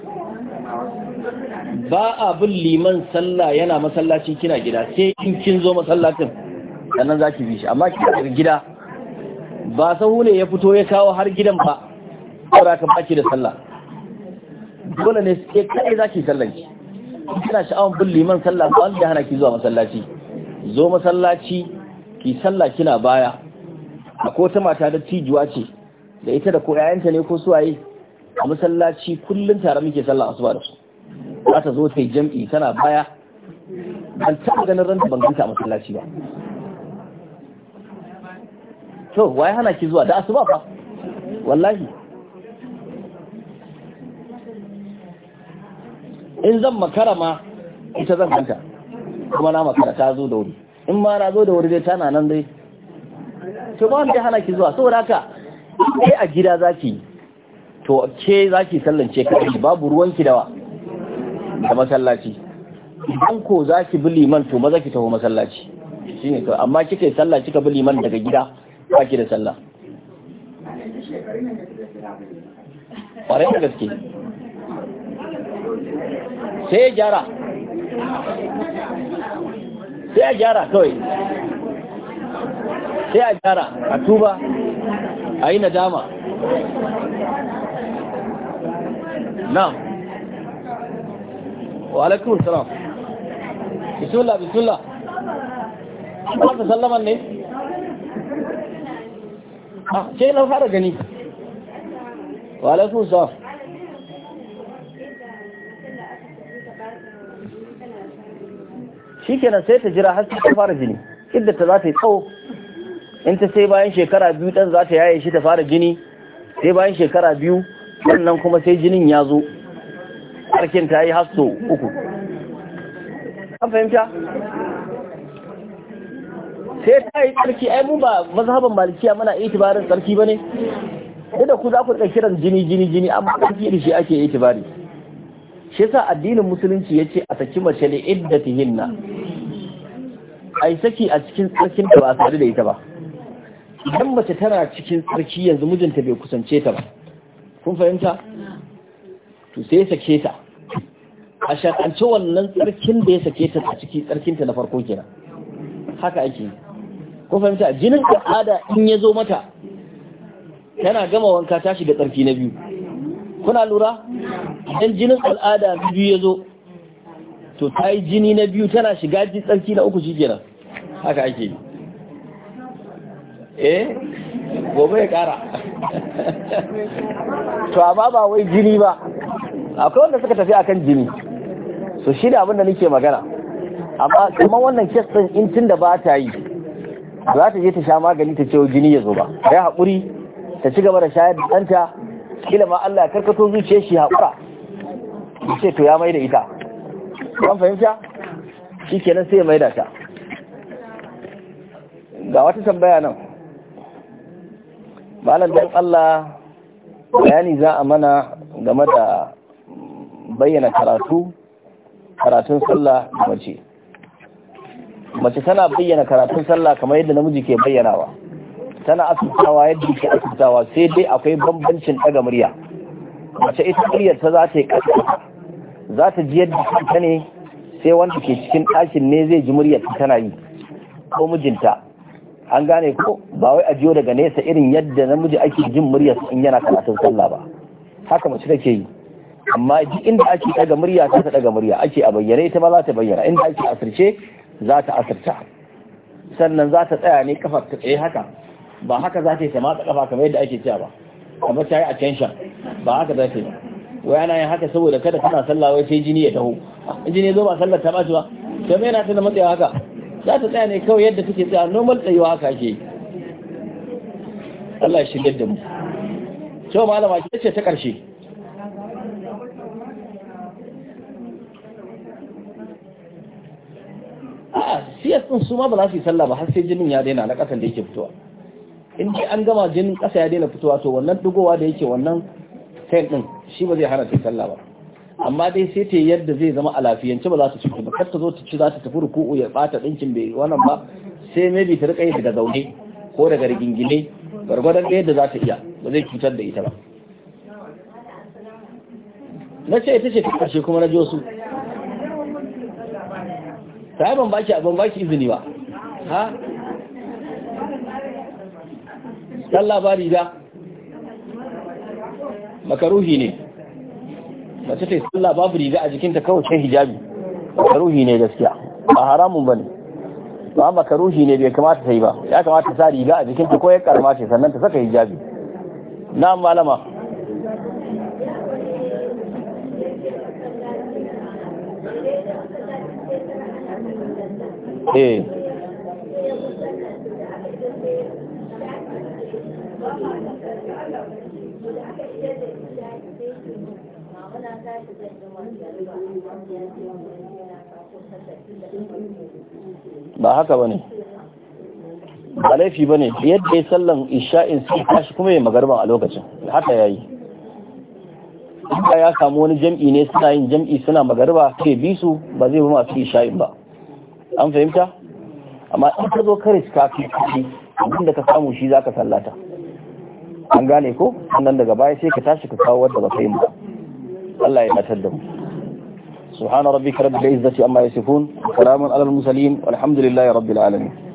ba a bin liman sallah yana masallaci kina gida sai in kin zo masallacin sannan za ki bi shi amma kina gida ba sahu ne ya fito ya kawo har gidan ba saboda ka baki da sallah dole ne sai kai za ki kina sha'awar bin liman sallah ba wanda hana ki zuwa masallaci zo masallaci ki sallah kina baya ko ta mata da tijuwa ce da ita da ko 'ya'yanta ne ko suwaye a masallaci kullum tare muke sallah asuba da su za ta zo ta yi jam'i tana baya ban taɓa ganin ranta ban ganta a masallaci ba to waye hana ki zuwa da asuba fa wallahi in zan makara ma ita zan ganta kuma na makara ta zo da wuri in ma na zo da wuri dai tana nan dai to ba wanda hana ki zuwa saboda haka sai a gida zaki to ke zaki sallance ka, babu ki dawa da masallaci idan ko za ki bi liman to maza ki taho masallaci ne to amma kika yi sallah kika bi liman daga gida ba ki da sallah ƙwarai da gaske sai ya gyara sai ya gyara kawai sai ya gyara a tuba a yi nadama na wa alaikum salam bismillah bismillah ba ta sallaman ne A ce na fara gani wa alaikum salam shikenan sai ta jira har ta fara jini idda ta za ta yi tsawo in ta sai bayan shekara biyu ɗan za ta yaye shi ta fara jini sai bayan shekara biyu sannan kuma sai jinin ya zo tsarkin ta yi hasso uku an fahimta sai ta yi tsarki ai mu ba mazhaban malikiya muna itibarin tsarki ba ne duk da ku za ku kiran jini jini jini amma tsarki da shi ake itibari shi yasa addinin musulunci ya ce a saki mace li iddatihinna ai saki a cikin tsarkin da ba a sadu da ita ba idan mace tana cikin tsarki yanzu mijinta bai kusance ta ba kun fahimta to sai sake ta a shakance wannan tsarkin da ya sake ta a ciki tsarkinta na farko kenan haka ake ko fahimta jinin al'ada in ya zo mata tana gama wanka ta shiga tsarki na biyu kuna lura idan jinin al'ada biyu ya zo to ta yi jini na biyu tana shiga ji tsarki na uku shi kenan haka ake yi eh gobe ya kara to amma ba wai jini ba akwai wanda suka tafi akan jini so shi da abin da nake magana amma kamar wannan kes ɗin in tun da ba ta yi za ta je ta sha magani ta ce jini ya zo ba ya haƙuri ta ci gaba da shayar da ɗanta kila ma Allah ya karkato zuciya shi haƙura ya ce to ya mai da ita an fahimta shi kenan sai ya mai da ta ga wata tambaya nan malam dan Allah bayani za a mana game da bayyana karatu karatun sallah mace mace tana bayyana karatun sallah kamar yadda namiji ke bayyanawa tana asubtawa yadda ke asubtawa sai dai akwai bambancin daga murya mace ita muryar ta za ta yi ƙasa za ta ji yadda ta ne sai wanda ke cikin ɗakin ne zai ji muryar ta tana yi ko mijinta an gane ko ba wai a jiyo daga nesa irin yadda namiji ake jin muryar in yana karatun sallah ba haka mace take yi amma duk inda ake daga murya ta daga murya ake a bayyane ita ma za ta bayyana inda ake asirce za ta asirta sannan za ta tsaya ne kafar ta tsaye haka ba haka za ta yi ta kafa kamar yadda ake cewa ba kamar ta yi a attention ba haka za ta yi wai ana yin haka saboda kada tana sallah wai sai jini ya taho jini ya zo ba sallar ta ba ba to me yana ta da matsayawa haka za ta tsaya ne kawai yadda take tsaya normal tsayuwa haka ake Allah ya shigar da mu. Cewa malama ce ta ƙarshe. a siyas din su ma ba za su yi sallah ba har sai jinin ya daina na kasan da yake fitowa in dai an gama jinin kasa ya daina fitowa to wannan dugowa da yake wannan sayin din shi ba zai hana yi sallah ba amma dai sai ta yadda zai zama a lafiyance ba za su ciki ba kar ta zo ta ci za ta tafi ruku'u ya bata dinkin bai wannan ba sai maybe ta rika yi daga zaune ko daga rigingine gwargwadon ɗaya da za ta iya ba zai cutar da ita ba na ce ita ce ta ƙarshe kuma na jo su. sai ban baki ban baki izini ba ha dan labari da makaruhi ne mace ta sallah babu riga a jikinta kawai sai hijabi makaruhi ne gaskiya ba haramun bane ba makaruhi ne bai kamata ta yi ba ya kamata ta sa riga a jikinta ko ya karma ce sannan ta saka hijabi na malama Eh. ba haka ba ne ba laifi ba ne yadda ya sallan isha'in su tashi kuma ya magarban a lokacin haka ya yi ya samu wani jam'i ne suna yin jam'i suna magarba ke bi ba zai ba masu isha'in ba an fahimta amma in ka zo karis kafi fi kuɗi ka samu shi zaka sallata an gane ko sannan daga baya sai ka tashi ka kawo wadda ba kai mu Allah ya datar da mu subhana rabbika rabbil izzati amma yasifun salamun alal mursalin walhamdulillahi rabbil alamin